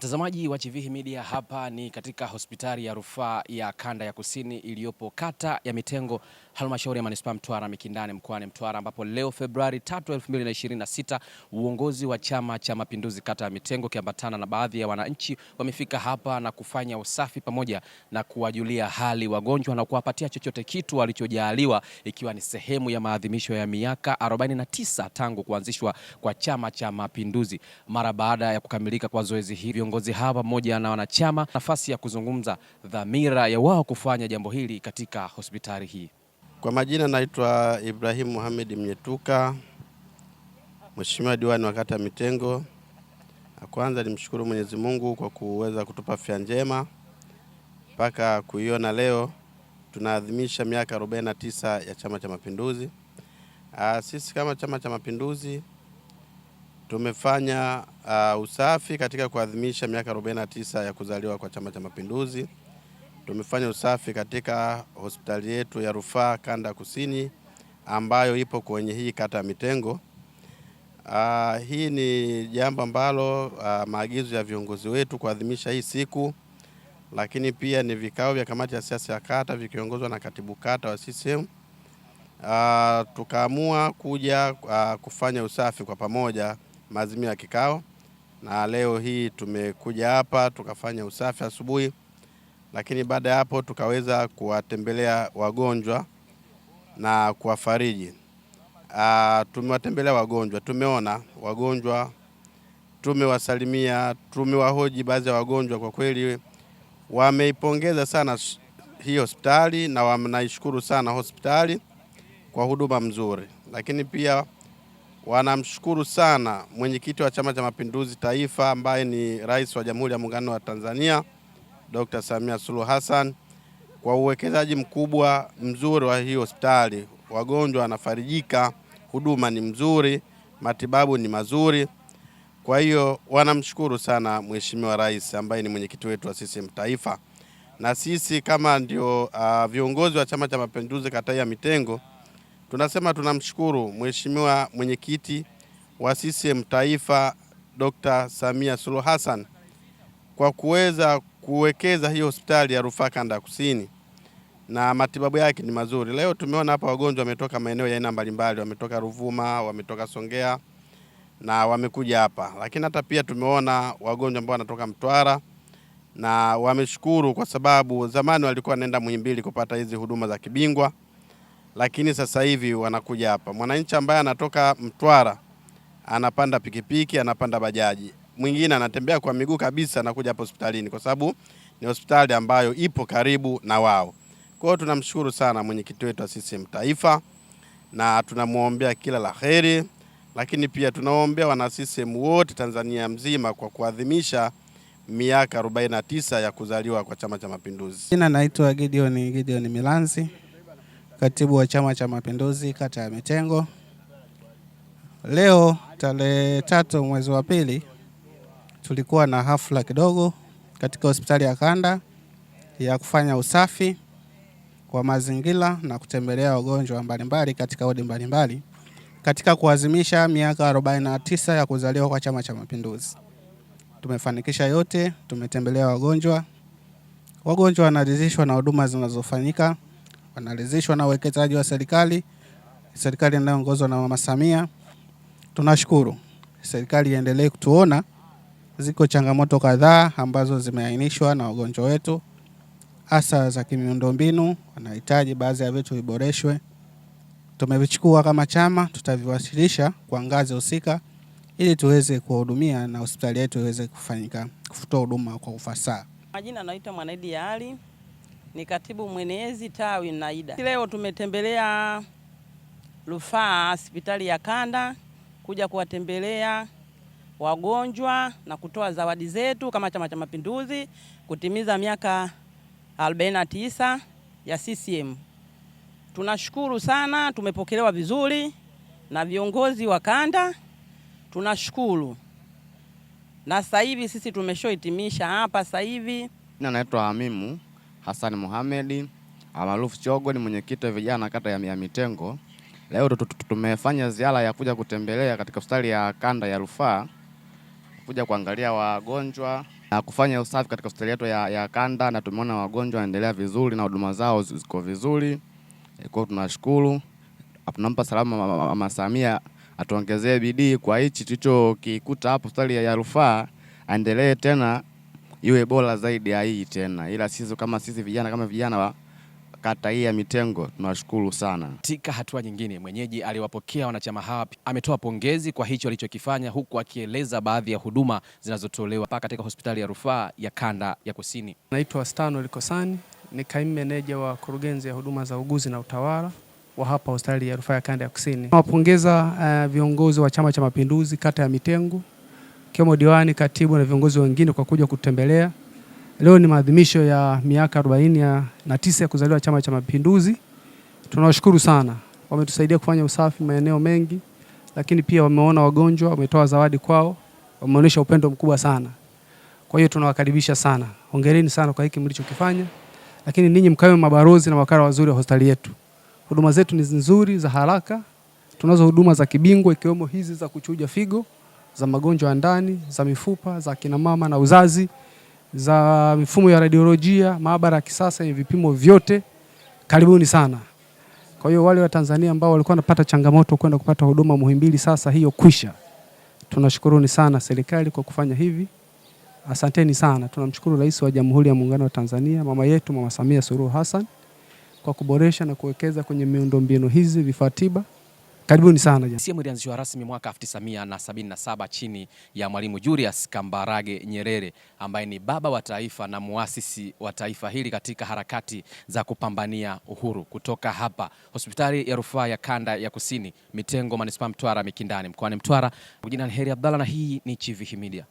Mtazamaji wa Chivihi Media, hapa ni katika hospitali ya rufaa ya kanda ya kusini iliyopo kata ya Mitengo halmashauri ya manispaa Mtwara Mikindani mkoani Mtwara, ambapo leo Februari 3, 2026 uongozi wa Chama cha Mapinduzi kata ya Mitengo ukiambatana na baadhi ya wananchi wamefika hapa na kufanya usafi pamoja na kuwajulia hali wagonjwa na kuwapatia chochote kitu walichojaaliwa, ikiwa ni sehemu ya maadhimisho ya miaka 49 tangu kuanzishwa kwa Chama cha Mapinduzi. Mara baada ya kukamilika kwa zoezi hili, viongozi hawa pamoja na wanachama nafasi ya kuzungumza dhamira ya wao kufanya jambo hili katika hospitali hii. Kwa majina naitwa Ibrahim Muhammad Mnyetuka, Mheshimiwa diwani wa kata Mitengo. Kwanza nimshukuru Mwenyezi Mungu kwa kuweza kutupa afya njema mpaka kuiona leo. Tunaadhimisha miaka 49 ya Chama cha Mapinduzi. Ah, sisi kama Chama cha Mapinduzi tumefanya uh, usafi katika kuadhimisha miaka 49 ya kuzaliwa kwa Chama cha Mapinduzi tumefanya usafi katika hospitali yetu ya rufaa kanda kusini ambayo ipo kwenye hii kata ya Mitengo. Uh, hii ni jambo ambalo uh, maagizo ya viongozi wetu kuadhimisha hii siku, lakini pia ni vikao vya kamati ya siasa ya kata vikiongozwa na katibu kata wa CCM uh, ah, tukaamua kuja uh, kufanya usafi kwa pamoja, maazimio ya kikao, na leo hii tumekuja hapa tukafanya usafi asubuhi lakini baada ya hapo tukaweza kuwatembelea wagonjwa na kuwafariji. Ah, tumewatembelea wagonjwa, tumeona wagonjwa, tumewasalimia, tumewahoji baadhi ya wagonjwa. Kwa kweli wameipongeza sana hii hospitali na wanaishukuru sana hospitali kwa huduma mzuri, lakini pia wanamshukuru sana mwenyekiti wa Chama cha Mapinduzi Taifa ambaye ni Rais wa Jamhuri ya Muungano wa Tanzania Dr. Samia Suluhu Hassan kwa uwekezaji mkubwa mzuri wa hii hospitali. Wagonjwa wanafarijika, huduma ni mzuri, matibabu ni mazuri. Kwa hiyo wanamshukuru sana Mheshimiwa Rais ambaye ni mwenyekiti wetu wa CCM Taifa, na sisi kama ndio uh, viongozi wa Chama cha Mapinduzi kata ya Mitengo tunasema tunamshukuru Mheshimiwa mwenyekiti wa CCM Taifa Dr. Samia Suluhu Hassan kwa kuweza kuwekeza hii hospitali ya rufaa kanda ya kusini na matibabu yake ni mazuri. Leo tumeona hapa wagonjwa wametoka maeneo ya aina mbalimbali, wametoka Ruvuma, wametoka Songea na wamekuja hapa, lakini hata pia tumeona wagonjwa ambao wanatoka Mtwara na wameshukuru kwa sababu zamani walikuwa wanaenda Muhimbili kupata hizi huduma za kibingwa, lakini sasa hivi wanakuja hapa. Mwananchi ambaye anatoka Mtwara anapanda pikipiki, anapanda bajaji mwingine anatembea kwa miguu kabisa na kuja hapo hospitalini, kwa sababu ni hospitali ambayo ipo karibu na wao. Kwa hiyo tunamshukuru sana mwenyekiti wetu wa CCM Taifa na tunamwombea kila la heri, lakini pia tunaombea wana CCM wote Tanzania mzima kwa kuadhimisha miaka 49 ya kuzaliwa kwa Chama cha Mapinduzi. Jina naitwa Gideon Gideon Milanzi, katibu wa Chama cha Mapinduzi kata ya Mitengo. Leo tarehe tatu mwezi wa pili tulikuwa na hafla kidogo katika hospitali ya kanda ya kufanya usafi kwa mazingira na kutembelea wagonjwa mbalimbali katika wodi mbalimbali katika kuadhimisha miaka 49 ya kuzaliwa kwa Chama cha Mapinduzi. Tumefanikisha yote, tumetembelea wagonjwa. Wagonjwa wanaridhishwa na huduma zinazofanyika, wanaridhishwa na uwekezaji wa serikali, serikali inayoongozwa na Mama Samia. Tunashukuru serikali iendelee kutuona Ziko changamoto kadhaa ambazo zimeainishwa na wagonjwa wetu, hasa za kimiundombinu. Wanahitaji baadhi ya vitu viboreshwe. Tumevichukua kama chama, tutaviwasilisha kwa ngazi husika ili tuweze kuwahudumia na hospitali yetu iweze kufanyika kutoa huduma kwa ufasaha. Majina anaitwa Mwanaidi ya Ali, ni katibu mwenezi tawi Naida. Leo tumetembelea rufaa hospitali ya kanda kuja kuwatembelea wagonjwa na kutoa zawadi zetu kama Chama cha Mapinduzi kutimiza miaka 49 ya CCM. Tunashukuru sana, tumepokelewa vizuri na viongozi wa kanda, tunashukuru. Na sasa hivi sisi tumeshohitimisha hapa sasa hivi. Naitwa Amimu Hassan Mohamed maarufu Chogo, ni mwenyekiti wa vijana kata ya Mitengo. Leo tumefanya ziara ya kuja kutembelea katika hospitali ya kanda ya rufaa kuja kuangalia wagonjwa na kufanya usafi katika hospitali yetu ya, ya kanda, na tumeona wagonjwa wanaendelea vizuri na huduma zao ziko vizuri. Eh, kwa hiyo tunashukuru, tunampa salamu Mama Samia atuongezee bidii kwa hichi tulichokikuta hapo hospitali ya rufaa, aendelee tena iwe bora zaidi ya hii tena, ila sisi kama sisi vijana kama vijana wa kata hii ya Mitengo tunawashukuru sana. Katika hatua nyingine, mwenyeji aliwapokea wanachama hawa, ametoa pongezi kwa hicho alichokifanya, huku akieleza baadhi ya huduma zinazotolewa hapa katika hospitali ya rufaa ya kanda ya Kusini. Naitwa Stano Likosani, ni kaimu meneja wa kurugenzi ya huduma za uguzi na utawala wa hapa hospitali ya rufaa ya kanda ya Kusini. Nawapongeza uh, viongozi wa Chama cha Mapinduzi kata ya Mitengo, kiwemo diwani, katibu na viongozi wengine kwa kuja kutembelea Leo ni maadhimisho ya miaka 49 ya kuzaliwa Chama cha Mapinduzi. Tunawashukuru sana, wametusaidia kufanya usafi maeneo mengi, lakini pia wameona wagonjwa, wametoa zawadi kwao, wameonyesha upendo mkubwa sana. Kwa hiyo tunawakaribisha sana, hongereni sana kwa hiki mlichokifanya, lakini ninyi mkawe mabarozi na wakala wazuri wa hospitali yetu. Huduma zetu ni nzuri za haraka, tunazo huduma za kibingwa ikiwemo hizi za kuchuja figo, za magonjwa ya ndani, za mifupa, za kinamama na uzazi za mifumo ya radiolojia, maabara ya kisasa yenye vipimo vyote, karibuni sana. Kwa hiyo wale wa Tanzania ambao walikuwa wanapata changamoto kwenda kupata huduma Muhimbili, sasa hiyo kwisha. Tunashukuruni sana serikali kwa kufanya hivi, asanteni sana. Tunamshukuru Rais wa Jamhuri ya Muungano wa Tanzania, mama yetu, Mama Samia Suluhu Hassan kwa kuboresha na kuwekeza kwenye miundombinu hizi vifaa tiba Karibuni sana. CCM ilianzishwa rasmi mwaka 1977 chini ya Mwalimu Julius Kambarage Nyerere ambaye ni baba wa taifa na muasisi wa taifa hili katika harakati za kupambania uhuru. Kutoka hapa hospitali ya rufaa ya kanda ya Kusini Mitengo, manispaa Mtwara Mikindani, mkoani Mtwara. Jina ni Heri Abdalla na hii ni Chivihi Media.